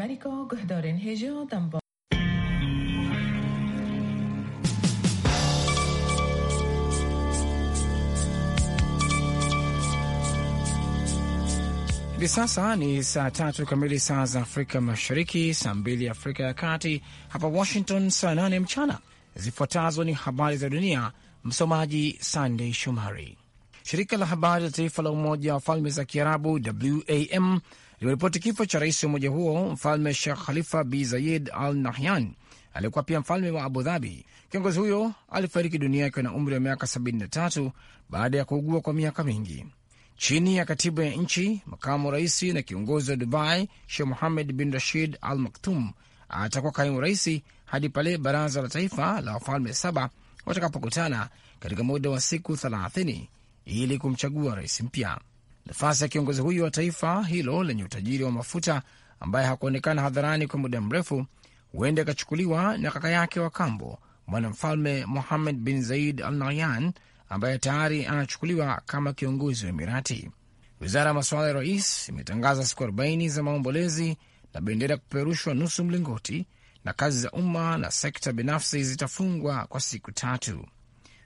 የአሜሪካ ጉህደሬን ሄዥ ጠንቦ Hivi sasa ni saa tatu kamili saa za Afrika Mashariki, saa mbili Afrika ya Kati, hapa Washington saa nane mchana. Zifuatazo ni habari za dunia, msomaji Sandey Shumari. Shirika la habari la taifa la Umoja wa Falme za Kiarabu, WAM, limeripoti kifo cha rais wa umoja huo mfalme Sheikh Khalifa bin Zayed Al Nahyan aliyekuwa pia mfalme wa Abu Dhabi. Kiongozi huyo alifariki dunia akiwa na umri wa miaka 73 baada ya kuugua kwa miaka mingi. Chini ya katiba ya nchi, makamu rais na kiongozi wa Dubai Sheikh Muhamed bin Rashid Al Maktum atakuwa kaimu raisi hadi pale baraza la taifa la wafalme saba watakapokutana katika muda wa siku 30 ili kumchagua rais mpya. Nafasi ya kiongozi huyo wa taifa hilo lenye utajiri wa mafuta ambaye hakuonekana hadharani kwa muda mrefu huenda ikachukuliwa na kaka yake wa kambo mwanamfalme muhamed bin Zaid Al Nahyan ambaye tayari anachukuliwa kama kiongozi wa Emirati. Wizara ya masuala ya rais imetangaza siku 40 za maombolezi na bendera kupeperushwa nusu mlingoti, na kazi za umma na sekta binafsi zitafungwa kwa siku tatu.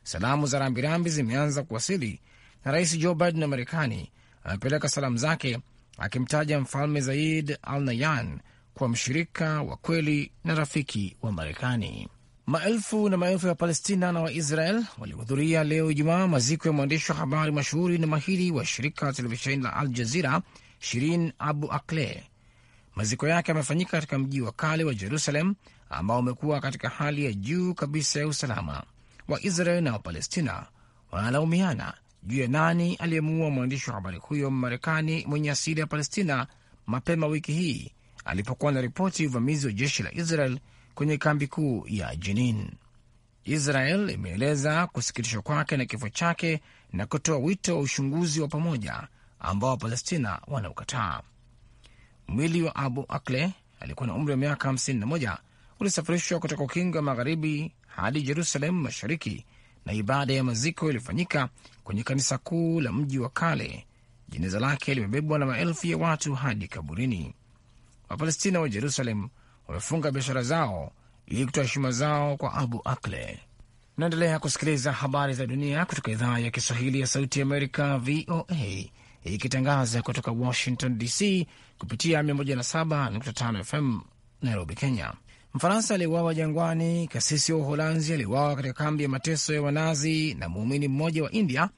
Salamu za rambirambi zimeanza kuwasili na Rais Joe Biden wa Marekani amepeleka salamu zake akimtaja mfalme Zaid al Nayan kuwa mshirika wa kweli na rafiki wa Marekani. Maelfu na maelfu ya Palestina na Waisrael walihudhuria leo Ijumaa maziko ya mwandishi wa habari mashuhuri na mahiri wa shirika la televisheni la Al Jazira, Shirin Abu akle Maziko yake yamefanyika katika mji wa kale wa Jerusalem ambao umekuwa katika hali ya juu kabisa ya usalama. Waisrael na Wapalestina wanalaumiana juu ya nani aliyemuua mwandishi wa habari huyo marekani mwenye asili ya Palestina mapema wiki hii alipokuwa na ripoti uvamizi wa jeshi la Israel kwenye kambi kuu ya Jenin. Israel imeeleza kusikitishwa kwake na kifo chake na kutoa wito wa uchunguzi wa pamoja ambao Wapalestina wanaukataa. Mwili wa Abu Akle alikuwa na umri wa miaka 51 ulisafirishwa kutoka ukingo wa magharibi hadi Jerusalem mashariki na ibada ya maziko ilifanyika kwenye kanisa kuu la mji wa kale. Jeneza lake limebebwa na maelfu ya watu hadi kaburini. Wapalestina wa Jerusalem wamefunga biashara zao ili kutoa heshima zao kwa Abu Akle. Naendelea kusikiliza habari za dunia kutoka idhaa ya Kiswahili ya Sauti ya Amerika, VOA, ikitangaza kutoka Washington DC kupitia 107.5 FM Nairobi, Kenya. Mfaransa aliuawa jangwani, kasisi wa Uholanzi aliuawa katika kambi ya mateso ya Wanazi na muumini mmoja wa India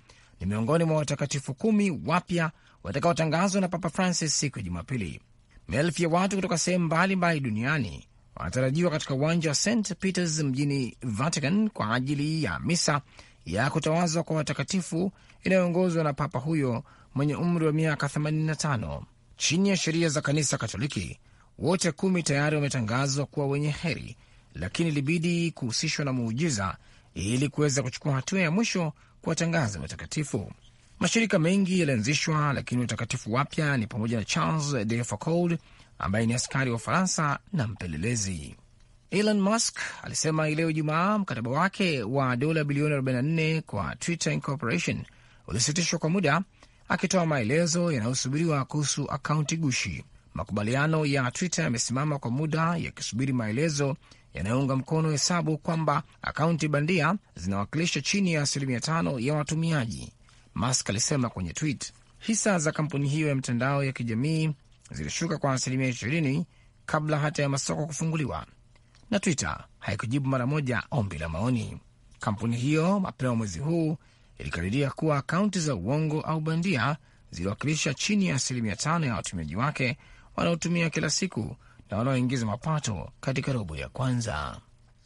ni miongoni mwa watakatifu kumi wapya watakaotangazwa na Papa Francis siku ya Jumapili. Maelfu ya watu kutoka sehemu mbalimbali duniani wanatarajiwa katika uwanja wa St Peters mjini Vatican kwa ajili ya misa ya kutawazwa kwa watakatifu inayoongozwa na papa huyo mwenye umri wa miaka 85 chini ya sheria za kanisa Katoliki. Wote kumi tayari wametangazwa kuwa wenye heri, lakini ilibidi kuhusishwa na muujiza ili kuweza kuchukua hatua ya mwisho kuwatangaza watakatifu. Mashirika mengi yalianzishwa, lakini watakatifu wapya ni pamoja na Charles de Foucauld ambaye ni askari wa Ufaransa na mpelelezi. Elon Musk alisema ileo leo Ijumaa mkataba wake wa dola bilioni 44 kwa Twitter Incorporation ulisitishwa kwa muda, akitoa maelezo yanayosubiriwa kuhusu akaunti gushi. Makubaliano ya Twitter yamesimama kwa muda yakisubiri maelezo yanayounga mkono hesabu kwamba akaunti bandia zinawakilisha chini ya asilimia tano ya watumiaji. Musk alisema kwenye tweet, hisa za kampuni hiyo ya mtandao ya kijamii zilishuka kwa asilimia ishirini kabla hata ya masoko kufunguliwa, na Twitter haikujibu mara moja ombi la maoni. Kampuni hiyo mapema mwezi huu ilikadiria kuwa akaunti za uongo au bandia ziliwakilisha chini ya asilimia tano ya watumiaji wake wanaotumia kila siku na wanaoingiza mapato katika robo ya kwanza.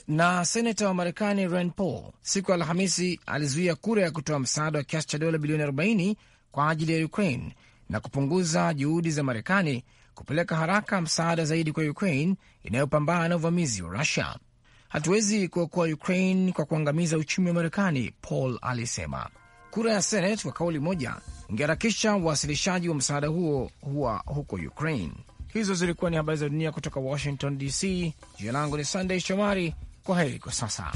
Na senata wa Marekani Rand Paul siku ya Alhamisi alizuia kura ya kutoa msaada wa kiasi cha dola bilioni 40 kwa ajili ya Ukraine na kupunguza juhudi za Marekani kupeleka haraka msaada zaidi kwa Ukraine inayopambana na uvamizi wa Rusia. Hatuwezi kuokoa Ukraine kwa kuangamiza uchumi wa Marekani, Paul alisema kura ya Senate kwa kauli moja ingeharakisha uwasilishaji wa msaada huo huwa huko Ukraine. Hizo zilikuwa ni habari za dunia kutoka Washington DC. Jina langu ni sandey Shomari. Kwa heri kwa sasa.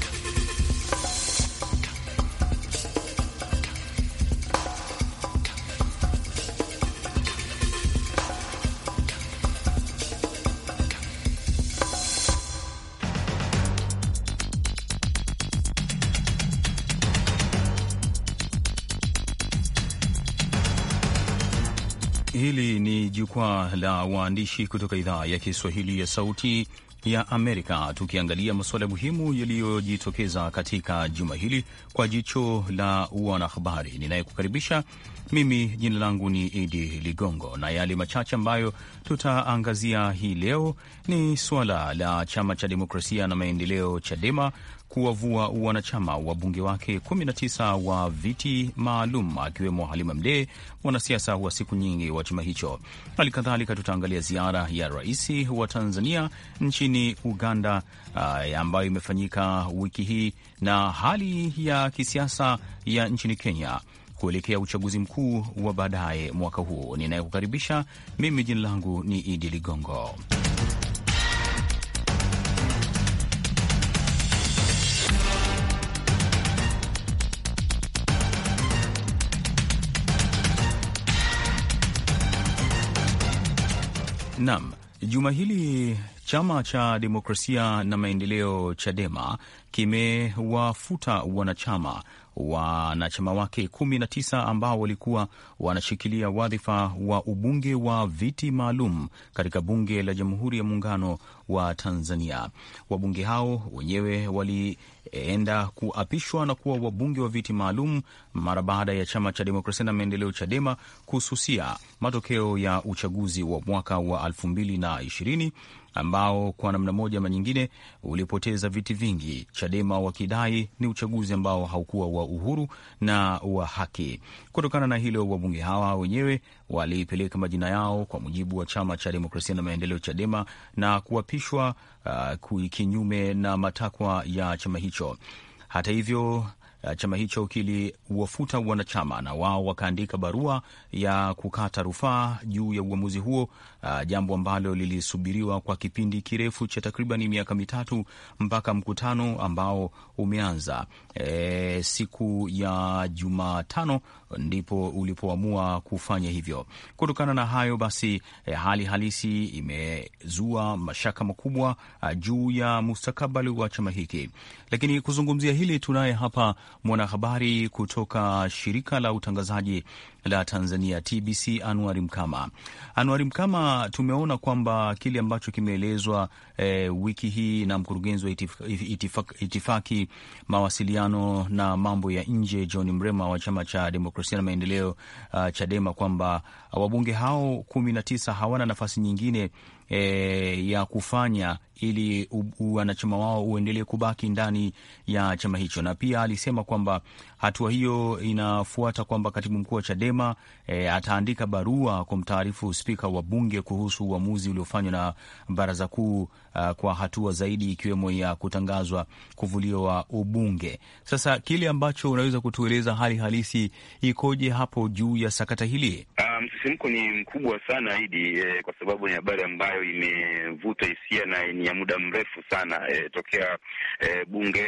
la waandishi kutoka idhaa ya Kiswahili ya Sauti ya Amerika, tukiangalia masuala muhimu yaliyojitokeza katika juma hili kwa jicho la wanahabari. Ninayekukaribisha mimi jina langu ni Idi Ligongo, na yale machache ambayo tutaangazia hii leo ni suala la chama cha demokrasia na maendeleo, CHADEMA, kuwavua wanachama wa bunge wake 19 wa viti maalum akiwemo Halima Mdee, mwanasiasa wa siku nyingi wa chama hicho. Hali kadhalika tutaangalia ziara ya rais wa Tanzania nchini Uganda uh, ambayo imefanyika wiki hii na hali ya kisiasa ya nchini Kenya kuelekea uchaguzi mkuu wa baadaye mwaka huu. Ninayekukaribisha mimi, jina langu ni Idi Ligongo. Naam, juma hili chama cha demokrasia na maendeleo CHADEMA kimewafuta wanachama wanachama wake kumi na tisa ambao walikuwa wanashikilia wadhifa wa ubunge wa viti maalum katika bunge la Jamhuri ya Muungano wa Tanzania. Wabunge hao wenyewe walienda kuapishwa na kuwa wabunge wa viti maalum mara baada ya chama cha Demokrasia na Maendeleo, CHADEMA, kususia matokeo ya uchaguzi wa mwaka wa elfu mbili na ishirini ambao kwa namna moja ama nyingine ulipoteza viti vingi, Chadema wakidai ni uchaguzi ambao haukuwa wa uhuru na wa haki. Kutokana na hilo, wabunge hawa wenyewe walipeleka majina yao kwa mujibu wa chama cha demokrasia na maendeleo Chadema na kuapishwa uh, kinyume na matakwa ya chama hicho. Hata hivyo uh, chama hicho kiliwafuta wanachama na wao wakaandika barua ya kukata rufaa juu ya uamuzi huo uh, jambo ambalo lilisubiriwa kwa kipindi kirefu cha takriban miaka mitatu mpaka mkutano ambao umeanza e, siku ya Jumatano ndipo ulipoamua kufanya hivyo. Kutokana na hayo basi, e, hali halisi imezua mashaka makubwa ah, juu ya mustakabali wa chama hiki. Lakini kuzungumzia hili tunaye hapa mwanahabari kutoka shirika la utangazaji la Tanzania TBC, Anuari Mkama. Anuari Mkama tumeona kwamba kile ambacho kimeelezwa e, wiki hii na mkurugenzi wa itifaki, itifaki, itifaki mawasiliano na mambo ya nje John Mrema wa chama cha demokrasia na maendeleo uh, Chadema kwamba wabunge hao kumi na tisa hawana nafasi nyingine E, ya kufanya ili wanachama wao uendelee kubaki ndani ya chama hicho, na pia alisema kwamba Hatua hiyo inafuata kwamba katibu mkuu wa Chadema e, ataandika barua kumtaarifu spika wa bunge kuhusu uamuzi uliofanywa na baraza kuu uh, kwa hatua zaidi ikiwemo ya kutangazwa kuvuliwa ubunge. Sasa kile ambacho unaweza kutueleza hali halisi ikoje hapo juu ya sakata hili? Ah, msisimko um, ni mkubwa sana Idi, e, kwa sababu ni habari ambayo imevuta hisia na ni ya muda mrefu sana e, tokea e, bunge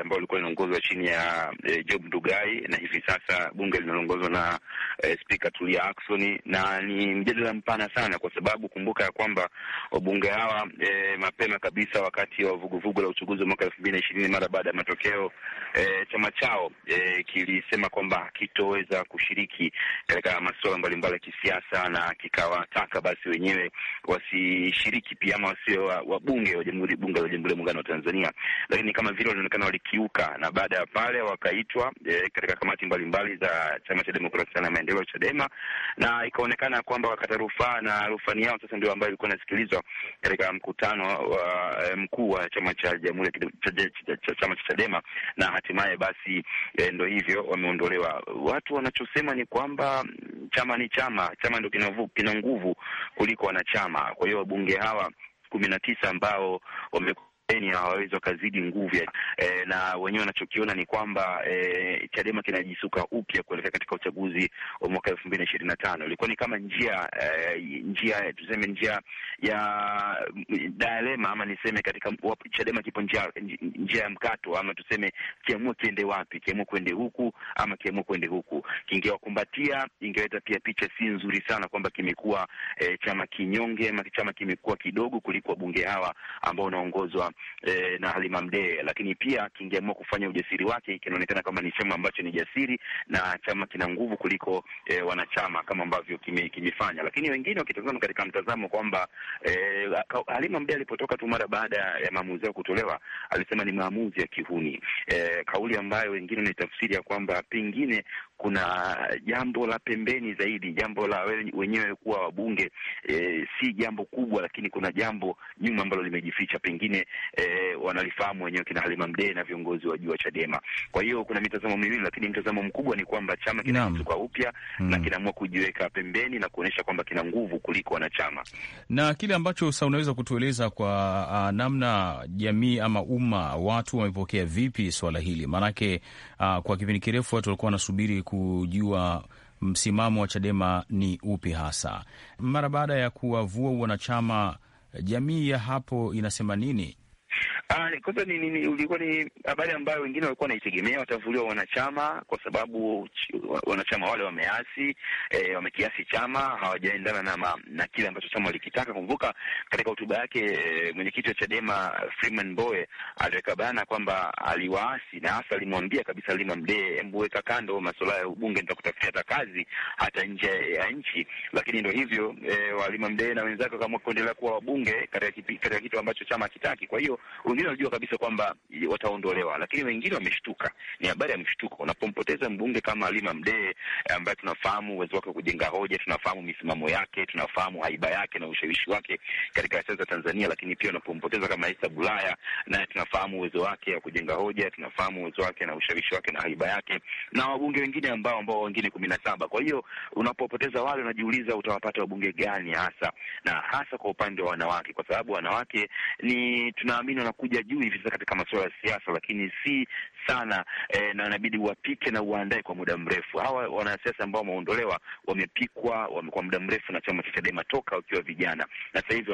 ambalo e, ilikuwa inaongozwa chini ya e, Job Ndugai na hivi sasa bunge linaloongozwa na eh, spika Tulia Ackson, na ni mjadala mpana sana, kwa sababu kumbuka ya kwamba wabunge hawa eh, mapema kabisa wakati wa vuguvugu la uchaguzi wa mwaka elfu mbili na ishirini mara baada ya matokeo eh, chama chao eh, kilisema kwamba hakitoweza kushiriki katika masuala mbalimbali ya kisiasa na kikawataka basi wenyewe wasishiriki pia ama wasio wabunge wa jamhuri bunge la Jamhuri ya Muungano wa Tanzania, lakini kama vile walionekana walikiuka, na baada ya pale wakaitwa e, katika kamati mbalimbali za chama cha demokrasia na maendeleo Chadema, na ikaonekana kwamba wakata rufaa na rufani yao sasa ndio ambayo ilikuwa inasikilizwa katika mkutano wa eh, mkuu wa chama cha jamhuri chama cha Chadema, na hatimaye basi e, eh, ndo hivyo wameondolewa. Watu wanachosema ni kwamba mm, chama ni chama, chama ndo kina nguvu kuliko wanachama. Kwa hiyo wabunge hawa kumi na tisa ambao wame hawawezi wakazidi nguvu e, na wenyewe wanachokiona ni kwamba e, Chadema kinajisuka upya kuelekea katika uchaguzi wa mwaka elfu mbili na ishirini na tano. Ilikuwa ni kama njia e, njia tuseme njia ya dilema ama niseme katika wap, Chadema kipo njia, njia ya mkato ama tuseme kiamua kiende wapi, kiamua kuende huku ama kiamua kuende huku, kingewakumbatia ingeweta pia picha si nzuri sana kwamba kimekuwa e, chama kinyonge ama chama kimekuwa kidogo kuliko wabunge hawa ambao unaongozwa e, na Halima Mdee, lakini pia kingeamua kufanya ujasiri wake, kinaonekana kama ni chama ambacho ni jasiri na chama kina nguvu kuliko e, wanachama kama ambavyo kime, kimefanya. Lakini wengine wakitazama katika mtazamo kwamba e, Halima Mdee alipotoka tu mara baada ya maamuzi yao kutolewa alisema ni maamuzi ya kihuni e, kauli ambayo wengine ni tafsiri ya kwamba pengine kuna jambo la pembeni zaidi, jambo la wenyewe kuwa wabunge e, si jambo kubwa, lakini kuna jambo nyuma ambalo limejificha pengine e, wanalifahamu wenyewe kina Halima Mdee na viongozi wa juu wa Chadema. Kwa hiyo kuna mitazamo miwili, lakini mtazamo mkubwa ni kwamba chama kinasuka upya mm, na hmm. kinaamua kujiweka pembeni na kuonyesha kwamba kina nguvu kuliko wanachama. Na kile ambacho sasa unaweza kutueleza kwa a, ah, namna jamii ama umma, watu wamepokea vipi swala hili? Maanake ah, kwa kipindi kirefu watu walikuwa wanasubiri kujua msimamo wa Chadema ni upi hasa. Mara baada ya kuwavua wanachama, jamii ya hapo inasema nini? Ah, kwanza ni, ni, ulikuwa ni habari ambayo wengine walikuwa wanaitegemea watavuliwa wanachama, kwa sababu wanachama wale wameasi e, wamekiasi chama, hawajaendana na, ma, na kile ambacho chama walikitaka. Kumbuka katika hotuba yake e, mwenyekiti wa Chadema Freeman Mbowe aliweka bayana kwamba aliwaasi na hasa alimwambia kabisa Lima Mdee, hebu weka kando masuala ya ubunge, nitakutafutia hata kazi hata nje ya nchi. Lakini ndio hivyo e, eh, walima Mdee na wenzake wakaamua kuendelea kuwa wabunge katika kitu ambacho chama hakitaki. Kwa hiyo wengine walijua kabisa kwamba wataondolewa, lakini wengine wameshtuka. Ni habari ya mshtuko unapompoteza mbunge kama Halima Mdee eh, ambaye tunafahamu uwezo wake wa kujenga hoja, tunafahamu misimamo yake, tunafahamu haiba yake na ushawishi wake katika siasa za Tanzania, lakini pia unapompoteza kama Issa Bulaya, naye tunafahamu uwezo wake wa kujenga hoja, tunafahamu uwezo wake na ushawishi wake na haiba yake, na wabunge wengine ambao ambao wengine kumi na saba. Kwa hiyo unapopoteza wale, unajiuliza utawapata wabunge gani hasa, na hasa kwa upande wa wanawake, kwa sababu wanawake ni tunaamini kuja juu hivi sasa katika masuala ya siasa, lakini si sana eh, na inabidi wapike na uandae kwa muda mrefu. Hawa wanasiasa ambao wameondolewa wamepikwa wame, kwa muda mrefu na chama cha Chadema toka wakiwa vijana, na sasa hivi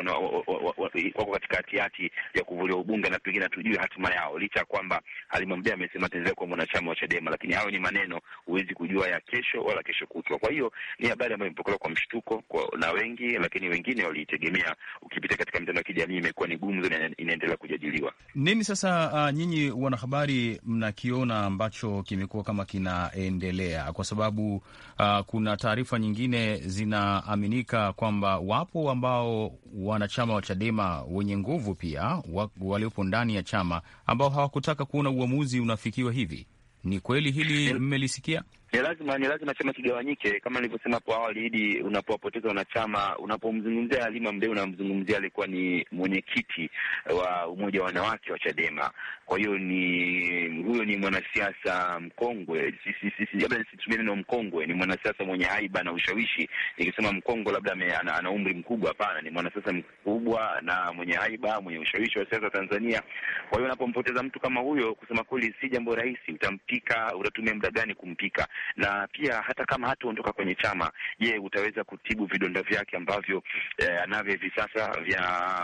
wako katika hatihati ya kuvulia ubunge na pengine hatujui hatima yao, licha ya kwamba Halima Mdee amesema ataendelea kuwa mwanachama wa Chadema, lakini hayo ni maneno, huwezi kujua ya kesho wala kesho kutwa. Kwa hiyo ni habari ambayo imepokelewa kwa mshtuko kwa, na wengi, lakini wengine waliitegemea. Ukipita katika mitandao ya kijamii imekuwa ni gumzo na inaendelea kujadili kuchukuliwa. Nini sasa, uh, nyinyi wanahabari mnakiona ambacho kimekuwa kama kinaendelea? Kwa sababu uh, kuna taarifa nyingine zinaaminika kwamba wapo ambao wanachama wa Chadema wenye nguvu pia waliopo ndani ya chama ambao hawakutaka kuona uamuzi unafikiwa hivi. Ni kweli hili mmelisikia? Ni lazima ni lazima chama kigawanyike, kama nilivyosema hapo awali. Hidi unapowapoteza wanachama, unapomzungumzia Halima Mdee unamzungumzia alikuwa ni mwenyekiti wa umoja wa wanawake wa Chadema. Kwa hiyo ni huyo ni mwanasiasa mkongwe, labda nisitumie neno mkongwe, ni mwanasiasa mwenye haiba na ushawishi. Nikisema mkongwe, labda ana, ana umri mkubwa. Hapana, ni mwanasiasa mkubwa na mwenye haiba, mwenye ushawishi wa siasa Tanzania. Kwa hiyo unapompoteza mtu kama huyo, kusema kweli si jambo rahisi. Utampika, utatumia muda gani kumpika? na pia hata kama hataondoka kwenye chama, je, utaweza kutibu vidonda vyake ambavyo eh, anavyo hivi sasa vya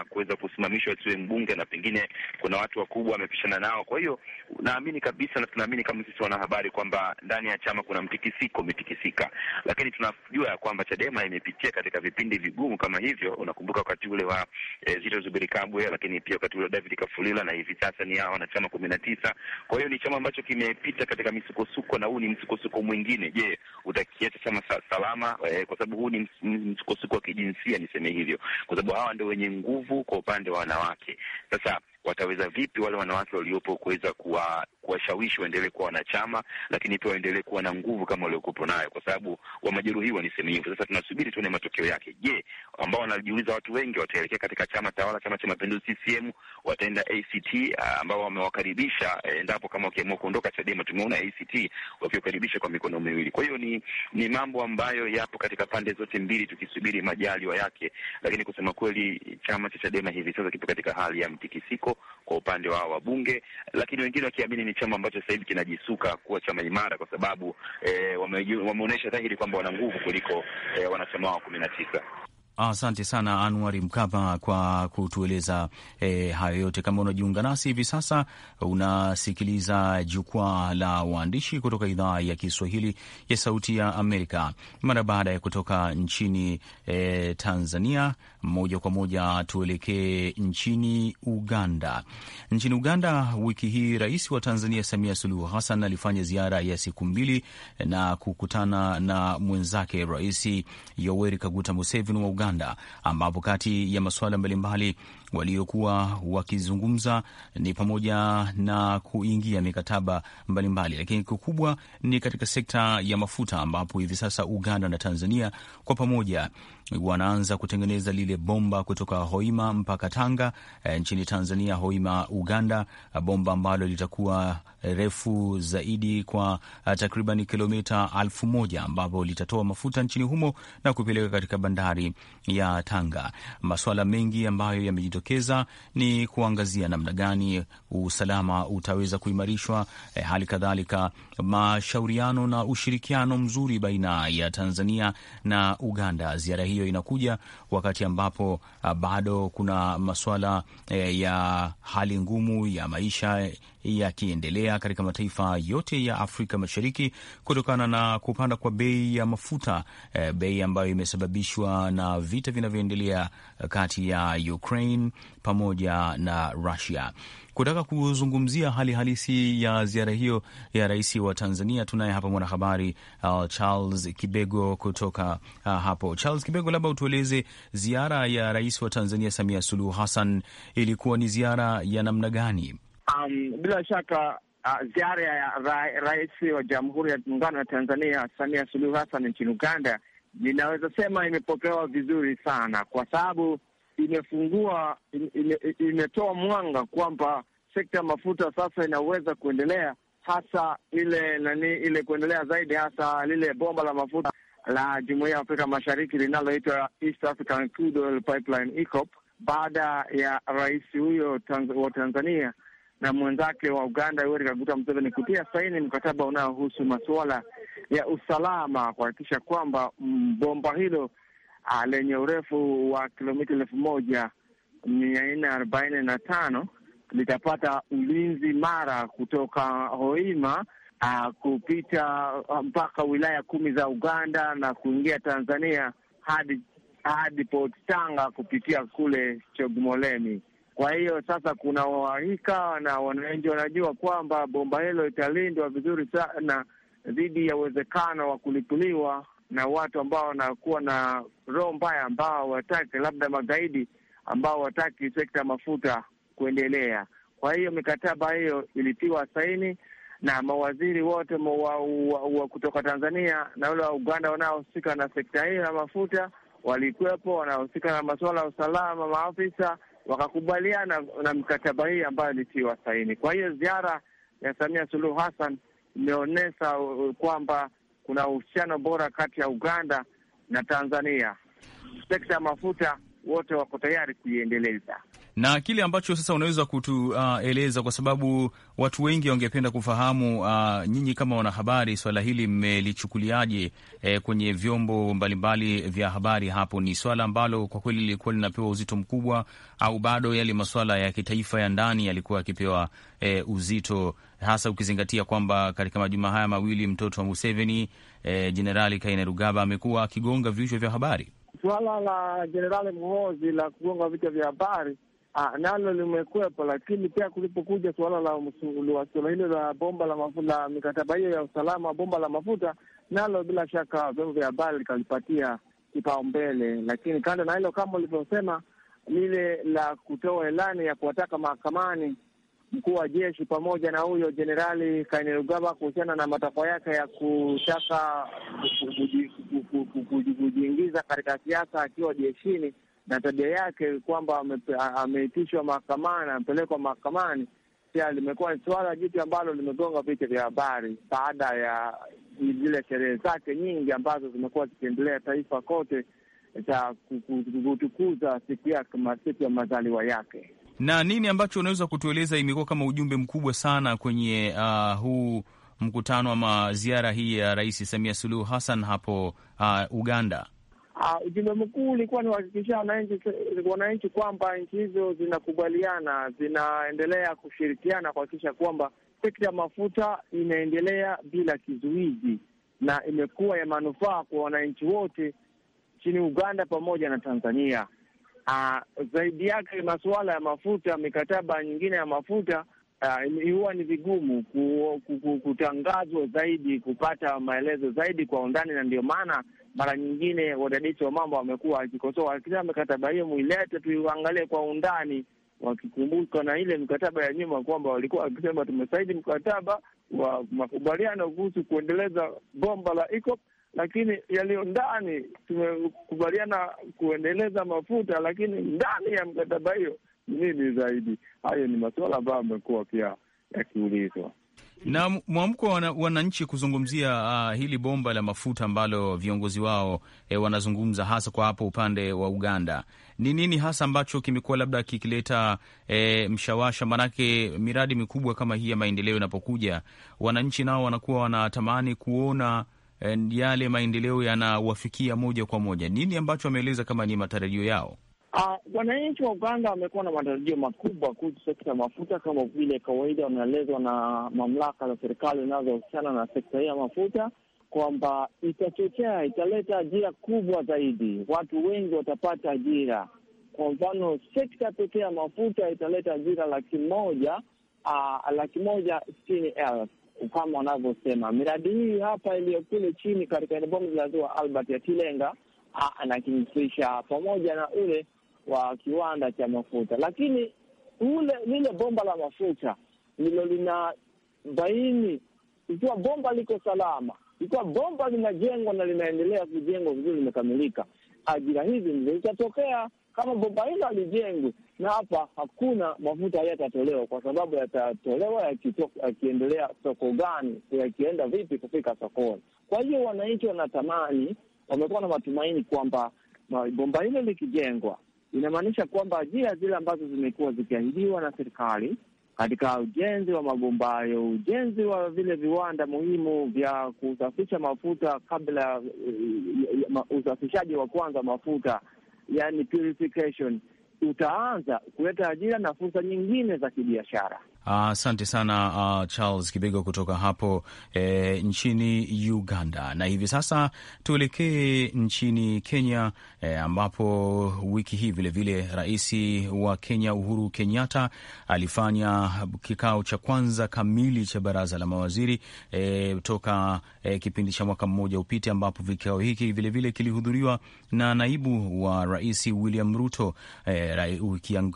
kuweza kusimamishwa asiwe mbunge, na pengine kuna watu wakubwa wamepishana nao. Kwa hiyo naamini kabisa na tunaamini kama sisi wanahabari kwamba ndani ya chama kuna mtikisiko umetikisika, lakini tunajua ya kwamba Chadema imepitia katika vipindi vigumu kama hivyo. Unakumbuka wakati ule wa eh, Zito Zuberi Kabwe, lakini pia wakati ule wa David Kafulila na hivi sasa ni hawa wanachama kumi na tisa. Kwa hiyo ni chama ambacho kimepita katika misukosuko na huu ni msukosuko mwingine, je, utakiacha chama salama? Eh, kwa sababu huu ni msukosuko wa kijinsia, niseme hivyo, kwa sababu hawa ndio wenye nguvu kwa upande wa wanawake. Sasa wataweza vipi wale wanawake waliopo kuweza kuwa kuwashawishi waendelee kuwa wanachama, lakini pia waendelee kuwa na nguvu kama waliokuwepo nayo, kwa sababu wamejeruhiwa, sehemu hivyo. Sasa tunasubiri tuone matokeo yake. Je, ambao wanajiuliza watu wengi wataelekea katika chama tawala, Chama cha Mapinduzi, CCM, wataenda ACT ah, ambao wamewakaribisha, eh, endapo kama wakiamua kuondoka Chadema. Tumeona ACT wakiwakaribisha kwa mikono miwili. Kwa hiyo ni ni mambo ambayo yapo katika pande zote mbili, tukisubiri majaliwa yake, lakini kusema kweli, chama cha Chadema hivi sasa kipo katika hali ya mtikisiko kwa upande wao wa bunge lakini wengine wakiamini ni chama ambacho sasa hivi kinajisuka kuwa chama imara, kwa sababu eh, wameonyesha dhahiri kwamba wana nguvu kuliko eh, wanachama wao kumi na tisa. Asante sana Anuari Mkapa kwa kutueleza e, hayo yote. Kama unajiunga nasi hivi sasa, unasikiliza jukwaa la waandishi kutoka idhaa ya Kiswahili ya Sauti ya Amerika. Mara baada ya kutoka nchini e, Tanzania, moja kwa moja tuelekee nchini Uganda. Nchini Uganda, wiki hii Rais wa Tanzania Samia Suluhu Hassan alifanya ziara ya siku mbili na kukutana na mwenzake Rais Yoweri Kaguta Museveni wa Uganda Uganda, ambapo kati ya masuala mbalimbali waliokuwa wakizungumza ni pamoja na kuingia mikataba mbalimbali, lakini kikubwa ni katika sekta ya mafuta ambapo hivi sasa Uganda na Tanzania kwa pamoja wanaanza kutengeneza lile bomba kutoka Hoima mpaka Tanga e, nchini Tanzania, Hoima Uganda, e, bomba ambalo litakuwa refu zaidi kwa e, takriban kilomita alfu moja ambapo litatoa mafuta nchini humo na kupeleka katika bandari ya Tanga. Masuala mengi ambayo yamejitokea kujitokeza ni kuangazia namna gani usalama utaweza kuimarishwa, e, hali kadhalika mashauriano na ushirikiano mzuri baina ya Tanzania na Uganda. Ziara hiyo inakuja wakati ambapo a, bado kuna masuala e, ya hali ngumu ya maisha yakiendelea katika mataifa yote ya Afrika Mashariki kutokana na kupanda kwa bei ya mafuta e, bei ambayo imesababishwa na vita vinavyoendelea kati ya Ukraine pamoja na Rusia. Kutaka kuzungumzia hali halisi ya ziara hiyo ya rais wa Tanzania, tunaye hapa mwanahabari uh, Charles Kibego kutoka uh, hapo. Charles Kibego, labda utueleze ziara ya rais wa Tanzania Samia Suluhu Hassan ilikuwa ni ziara ya namna gani? Um, bila shaka uh, ziara ya ra rais wa Jamhuri ya Muungano wa Tanzania Samia Suluhu Hassan nchini Uganda, ninaweza sema vizuri sana kwa sababu imefungua ime, imetoa mwanga kwamba sekta ya mafuta sasa inaweza kuendelea hasa ile nani ile kuendelea zaidi hasa lile bomba la mafuta la Jumuiya ya Afrika Mashariki linaloitwa East African Crude Oil Pipeline e baada ya rais huyo tanz, wa Tanzania na mwenzake wa Uganda Yoweri Kaguta Museveni kutia saini mkataba unaohusu masuala ya usalama, kuhakikisha kwamba bomba hilo uh, lenye urefu wa kilomita elfu moja mia nne arobaini na tano litapata ulinzi mara kutoka Hoima uh, kupita ah, mpaka wilaya kumi za Uganda na kuingia Tanzania hadi hadi Port Tanga kupitia kule Chogmolemi. Kwa hiyo sasa kuna uhakika na wananchi wanajua kwamba bomba hilo litalindwa vizuri sana dhidi ya uwezekano wa kulipuliwa na watu ambao wanakuwa na roho mbaya, ambao wataki labda magaidi, ambao wataki sekta ya mafuta kuendelea. Kwa hiyo mikataba hiyo ilitiwa saini na mawaziri wote wa, wa, wa kutoka Tanzania na wale wa Uganda wanaohusika na sekta hii ya mafuta walikuwepo, wanahusika na masuala ya usalama, maafisa wakakubaliana na, na mikataba hii ambayo ilitiwa saini. Kwa hiyo ziara ya Samia Suluhu Hassan imeonyesha uh, kwamba kuna uhusiano bora kati ya Uganda na Tanzania. Sekta ya mafuta wote wako tayari kuiendeleza na kile ambacho sasa unaweza kutueleza, uh, kwa sababu watu wengi wangependa kufahamu, uh, nyinyi kama wanahabari swala hili mmelichukuliaje? Eh, kwenye vyombo mbalimbali vya habari hapo, ni swala ambalo kwa kweli lilikuwa linapewa uzito mkubwa, au bado yale masuala ya kitaifa ya ndani yalikuwa yakipewa eh, uzito hasa ukizingatia kwamba katika majuma haya mawili mtoto wa Museveni e, Jenerali eh, Kainerugaba amekuwa akigonga vichwa vya habari. Suala la Jenerali Muhoozi la kugonga vichwa vya habari Ah, nalo limekwepo, lakini pia kulipokuja suala la suala hilo la bomba la mafuta, mikataba hiyo ya usalama wa bomba la mafuta, nalo bila shaka vyombo vya habari likalipatia kipaumbele. Lakini kando na hilo, kama ulivyosema, lile la kutoa elani ya kuwataka mahakamani mkuu wa jeshi pamoja na huyo Jenerali Kainerugaba kuhusiana na matakwa yake ya kutaka kujiingiza katika siasa akiwa jeshini na tabia yake kwamba ameitishwa mahakamani, amepelekwa mahakamani, pia limekuwa suala jipi ambalo limegonga vichwa vya habari baada ya zile sherehe zake nyingi ambazo zimekuwa zikiendelea taifa kote za kutukuza siku ya mazaliwa yake na nini ambacho unaweza kutueleza imekuwa kama ujumbe mkubwa sana kwenye uh, huu mkutano ama ziara hii ya Rais Samia Suluhu Hassan hapo uh, Uganda? Uh, ujumbe mkuu ulikuwa ni kuhakikishia wananchi kwamba nchi hizo zinakubaliana, zinaendelea kushirikiana kuhakikisha kwamba sekta ya mafuta inaendelea bila kizuizi na imekuwa ya manufaa kwa wananchi wote nchini Uganda pamoja na Tanzania. Ah, zaidi yake masuala ya mafuta, mikataba nyingine ya mafuta ah, huwa ni vigumu ku, ku, ku, kutangazwa zaidi, kupata maelezo zaidi kwa undani, na ndio maana mara nyingine wadadisi wa mambo wamekuwa wakikosoa wakisema mikataba hiyo muilete tuiangalie kwa undani, wakikumbuka na ile mikataba ya nyuma kwamba walikuwa wakisema tumesaidi mkataba wa makubaliano kuhusu kuendeleza bomba la EACOP lakini yaliyo ndani, tumekubaliana kuendeleza mafuta, lakini ndani ya mkataba hiyo nini zaidi? Hayo ni masuala ambayo amekuwa pia yakiulizwa na mwamko wa wananchi kuzungumzia uh, hili bomba la mafuta ambalo viongozi wao eh, wanazungumza hasa kwa hapo upande wa Uganda. Ni nini hasa ambacho kimekuwa labda kikileta eh, mshawasha? Maanake miradi mikubwa kama hii ya maendeleo inapokuja, wananchi nao wanakuwa wanatamani kuona Eh, yale maendeleo yanawafikia moja kwa moja? Nini ambacho wameeleza kama ni matarajio yao? Uh, wananchi wa Uganda wamekuwa na matarajio makubwa kuhusu sekta ya mafuta. Kama vile kawaida, wanaelezwa na mamlaka za serikali zinazohusiana na sekta hii ya mafuta kwamba itachochea, italeta ajira kubwa zaidi, watu wengi watapata ajira. Kwa mfano, sekta pekee ya mafuta italeta ajira laki moja, uh, laki moja sitini elfu kama wanavyosema miradi hii hapa iliyo kule chini katika bonge la ziwa Albert ya Tilenga anakihusisha pamoja na ule wa kiwanda cha mafuta, lakini ule lile bomba la mafuta lilo lina baini ikiwa bomba liko salama, ikiwa bomba linajengwa na linaendelea kujengwa vizuri, limekamilika, ajira hizi ndizo zitatokea kama bomba hilo halijengwi na hapa hakuna mafuta yatatolewa, kwa sababu yatatolewa yakiendelea soko gani, yakienda vipi kufika sokoni? Kwa hiyo wananchi wanatamani, wamekuwa na matumaini kwamba bomba hilo likijengwa, inamaanisha kwamba ajira zile ambazo zimekuwa zikiahidiwa na serikali katika ujenzi wa mabomba hayo, ujenzi wa vile viwanda muhimu vya kusafisha mafuta kabla uh, usafishaji wa kwanza mafuta yani purification, utaanza kuleta ajira na fursa nyingine za kibiashara. Asante uh, sana uh, Charles Kibego kutoka hapo eh, nchini Uganda. Na hivi sasa tuelekee nchini Kenya eh, ambapo wiki hii vilevile rais wa Kenya Uhuru Kenyatta alifanya kikao cha kwanza kamili cha baraza la mawaziri eh, toka eh, kipindi cha mwaka mmoja upite, ambapo vikao hiki vilevile kilihudhuriwa na naibu wa rais William Ruto e,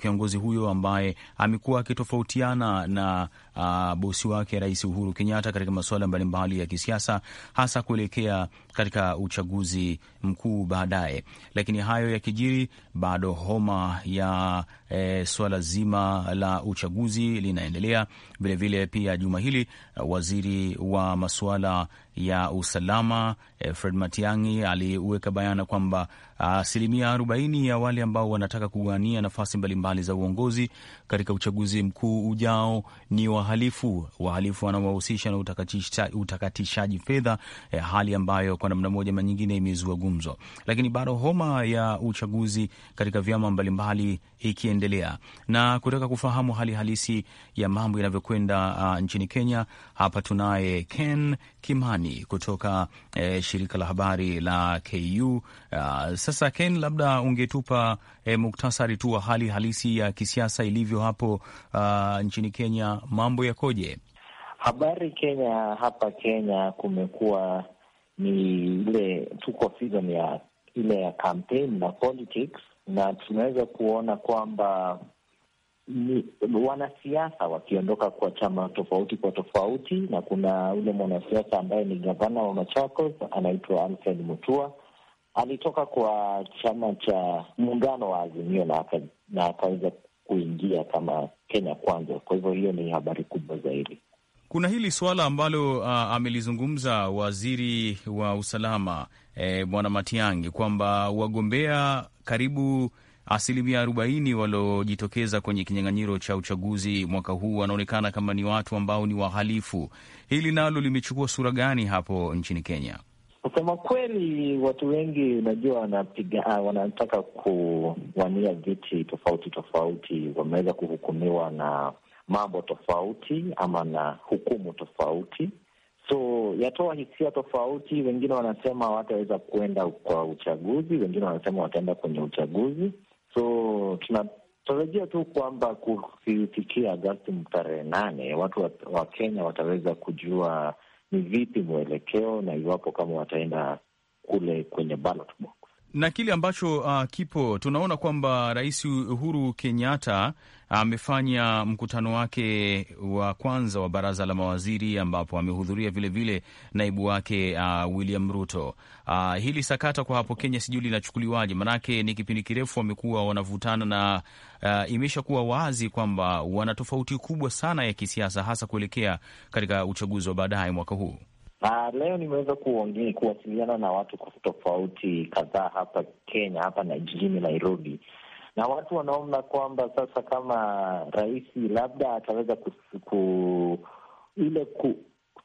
kiongozi huyo ambaye amekuwa akitofautiana na uh, bosi wake Rais Uhuru Kenyatta katika masuala mbalimbali ya kisiasa, hasa kuelekea katika uchaguzi mkuu baadaye. Lakini hayo yakijiri, bado homa ya e, eh, suala zima la uchaguzi linaendelea vilevile. Pia juma hili uh, waziri wa masuala ya usalama e, Fred Matiang'i aliweka bayana kwamba asilimia arobaini ya wale ambao wanataka kugania nafasi mbalimbali za uongozi katika uchaguzi mkuu ujao ni wahalifu, wahalifu wanaohusisha na utakatishaji fedha eh, hali ambayo kwa namna moja ama nyingine imezua gumzo, lakini bado homa ya uchaguzi katika vyama mbalimbali ikiendelea. Na kutaka kufahamu hali halisi ya mambo yanavyokwenda uh, nchini Kenya, hapa tunaye Ken Kimani kutoka eh, shirika la habari la KU uh, ah, sasa Ken, labda ungetupa e, muktasari tu wa hali halisi ya kisiasa ilivyo hapo uh, nchini Kenya, mambo yakoje? Habari Kenya, hapa Kenya kumekuwa ni ile tuko season ya ile ya campaign na politics, na tunaweza kuona kwamba ni wanasiasa wakiondoka kwa chama tofauti kwa tofauti, na kuna yule mwanasiasa ambaye ni gavana wa Machakos anaitwa Alfred Mutua alitoka kwa chama cha muungano wa Azimio na, na akaweza kuingia kama Kenya Kwanza. Kwa hivyo hiyo ni habari kubwa zaidi. Kuna hili suala ambalo uh, amelizungumza waziri wa usalama eh, bwana Matiang'i kwamba wagombea karibu asilimia arobaini waliojitokeza kwenye kinyang'anyiro cha uchaguzi mwaka huu wanaonekana kama ni watu ambao ni wahalifu. Hili nalo limechukua sura gani hapo nchini Kenya? Kusema kweli, watu wengi unajua, wanapiga ah, wanataka kuwania viti tofauti tofauti, wameweza kuhukumiwa na mambo tofauti ama na hukumu tofauti, so yatoa hisia tofauti. Wengine wanasema wataweza kuenda kwa uchaguzi, wengine wanasema wataenda kwenye uchaguzi. So tunatarajia tu kwamba kufikia Agasti tarehe nane watu wa Kenya wataweza kujua ni vipi mwelekeo, na iwapo kama wataenda kule kwenye ballot box na kile ambacho uh, kipo tunaona kwamba Rais Uhuru Kenyatta amefanya mkutano wake wa kwanza wa baraza la mawaziri ambapo amehudhuria vilevile naibu wake uh, William Ruto. Uh, hili sakata kwa hapo Kenya sijui linachukuliwaje, manake ni kipindi kirefu wamekuwa wanavutana na uh, imeshakuwa wazi kwamba wana tofauti kubwa sana ya kisiasa, hasa kuelekea katika uchaguzi wa baadaye mwaka huu. Uh, leo nimeweza kuwasiliana na watu tofauti kadhaa hapa Kenya, hapa na jijini Nairobi, na watu wanaona kwamba sasa kama rais labda ataweza ku, ku, ile ku,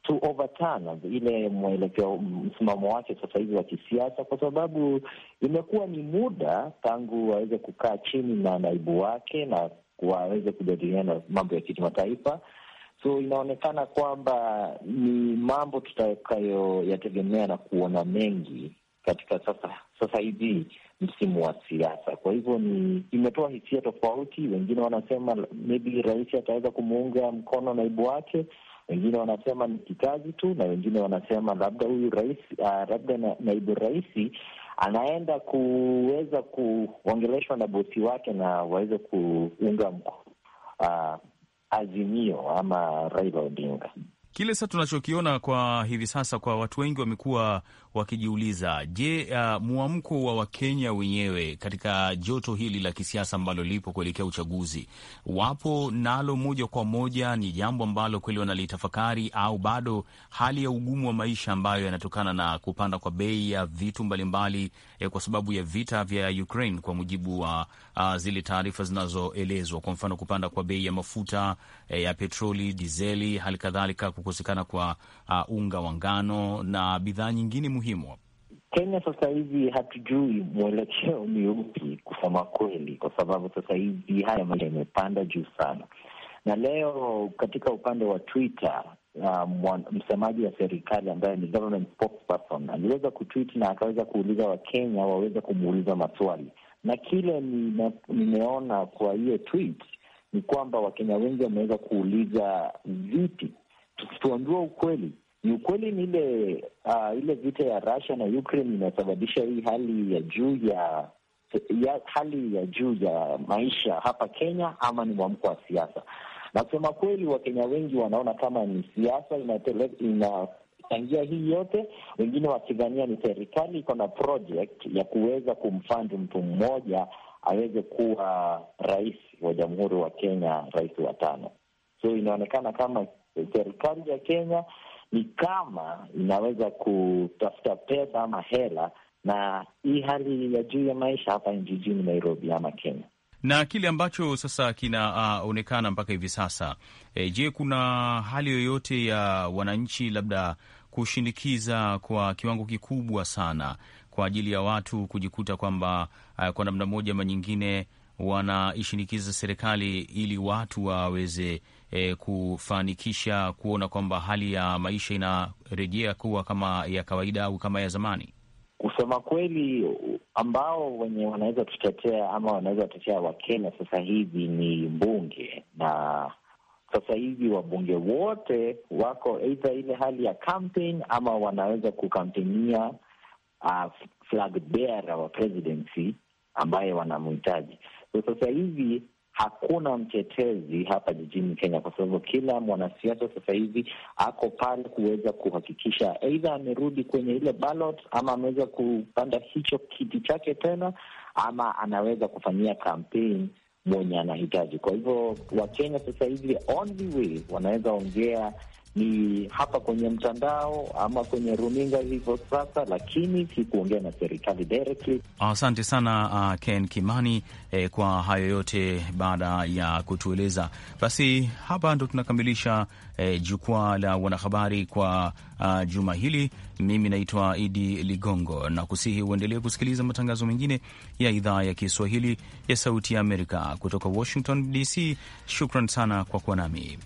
to overturn ile mwelekeo msimamo wake sasa hivi wa kisiasa, kwa sababu imekuwa ni muda tangu waweze kukaa chini na naibu wake na waweze kujadiliana mambo ya kimataifa So inaonekana kwamba ni mambo tutakayoyategemea na kuona mengi katika sasa sasa hivi msimu wa siasa. Kwa hivyo ni imetoa hisia tofauti. Wengine wanasema maybe rais ataweza kumuunga mkono naibu wake, wengine wanasema ni kikazi tu, na wengine wanasema labda huyu rais uh, labda na, naibu rais anaenda kuweza kuongeleshwa na bosi wake na waweze kuunga mkono uh, azimio ama Raila Odinga. Kile sasa tunachokiona kwa hivi sasa, kwa watu wengi wamekuwa wakijiuliza je, uh, mwamko wa Wakenya wenyewe katika joto hili la kisiasa ambalo lipo kuelekea uchaguzi, wapo nalo moja kwa moja? Ni jambo ambalo kweli wanalitafakari au bado hali ya ugumu wa maisha ambayo yanatokana na kupanda kwa bei ya vitu mbalimbali eh, kwa sababu ya vita vya Ukraine, kwa mujibu wa uh, zile taarifa zinazoelezwa, kwa mfano kupanda kwa bei ya mafuta eh, ya petroli, dizeli, hali kadhalika kukosekana kwa uh, unga wa ngano na bidhaa nyingine muhimu muhimu? Kenya sasa hivi hatujui mwelekeo ni upi, kusema kweli, kwa sababu sasa hivi haya maisha imepanda juu sana. Na leo katika upande wa Twitter um, msemaji wa serikali ambaye ni government spokesperson aliweza kutwit na akaweza kuuliza Wakenya waweze kumuuliza maswali, na kile nimeona kwa hiyo tweet ni kwamba Wakenya wengi wameweza kuuliza vipi, tukiambiwa ukweli ni ukweli ni ile uh, ile vita ya Russia na Ukraine inasababisha hii hali ya juu ya, ya hali ya juu ya maisha hapa Kenya, ama ni mwamko wa siasa? Na kusema kweli, Wakenya wengi wanaona kama ni siasa inachangia hii yote, wengine wakidhania ni serikali iko na project ya kuweza kumfandi mtu mmoja aweze kuwa rais wa Jamhuri wa Kenya, rais wa tano. So inaonekana kama serikali ya Kenya ni kama inaweza kutafuta pedha ama hela na hii hali ya juu ya maisha hapa jijini Nairobi ama Kenya na kile ambacho sasa kinaonekana uh, mpaka hivi sasa e, je, kuna hali yoyote ya wananchi labda kushinikiza kwa kiwango kikubwa sana kwa ajili ya watu kujikuta kwamba uh, kwa namna moja ama nyingine wanaishinikiza serikali ili watu waweze e, kufanikisha kuona kwamba hali ya maisha inarejea kuwa kama ya kawaida au kama ya zamani? Kusema kweli, ambao wenye wanaweza tutetea ama wanaweza tetea Wakenya sasa hivi ni bunge, na sasa hivi wabunge wote wako eidha ile hali ya campaign ama wanaweza kukampenia uh, flag bearer wa presidency ambaye wanamhitaji. So sasa hivi hakuna mtetezi hapa jijini Kenya, kwa sababu kila mwanasiasa sasa hivi ako pale kuweza kuhakikisha aidha amerudi kwenye ile ballot ama ameweza kupanda hicho kiti chake tena, ama anaweza kufanyia kampen mwenye anahitaji. Kwa hivyo Wakenya sasa hivi only way wanaweza ongea ni hapa kwenye mtandao ama kwenye runinga hivyo sasa, lakini kuongea na serikali directly. Asante sana uh, Ken Kimani eh, kwa hayo yote baada ya kutueleza. Basi hapa ndo tunakamilisha eh, jukwaa la wanahabari kwa uh, juma hili. Mimi naitwa Idi Ligongo na kusihi uendelee kusikiliza matangazo mengine ya idhaa ya Kiswahili ya Sauti ya Amerika kutoka Washington DC. Shukran sana kwa kuwa nami.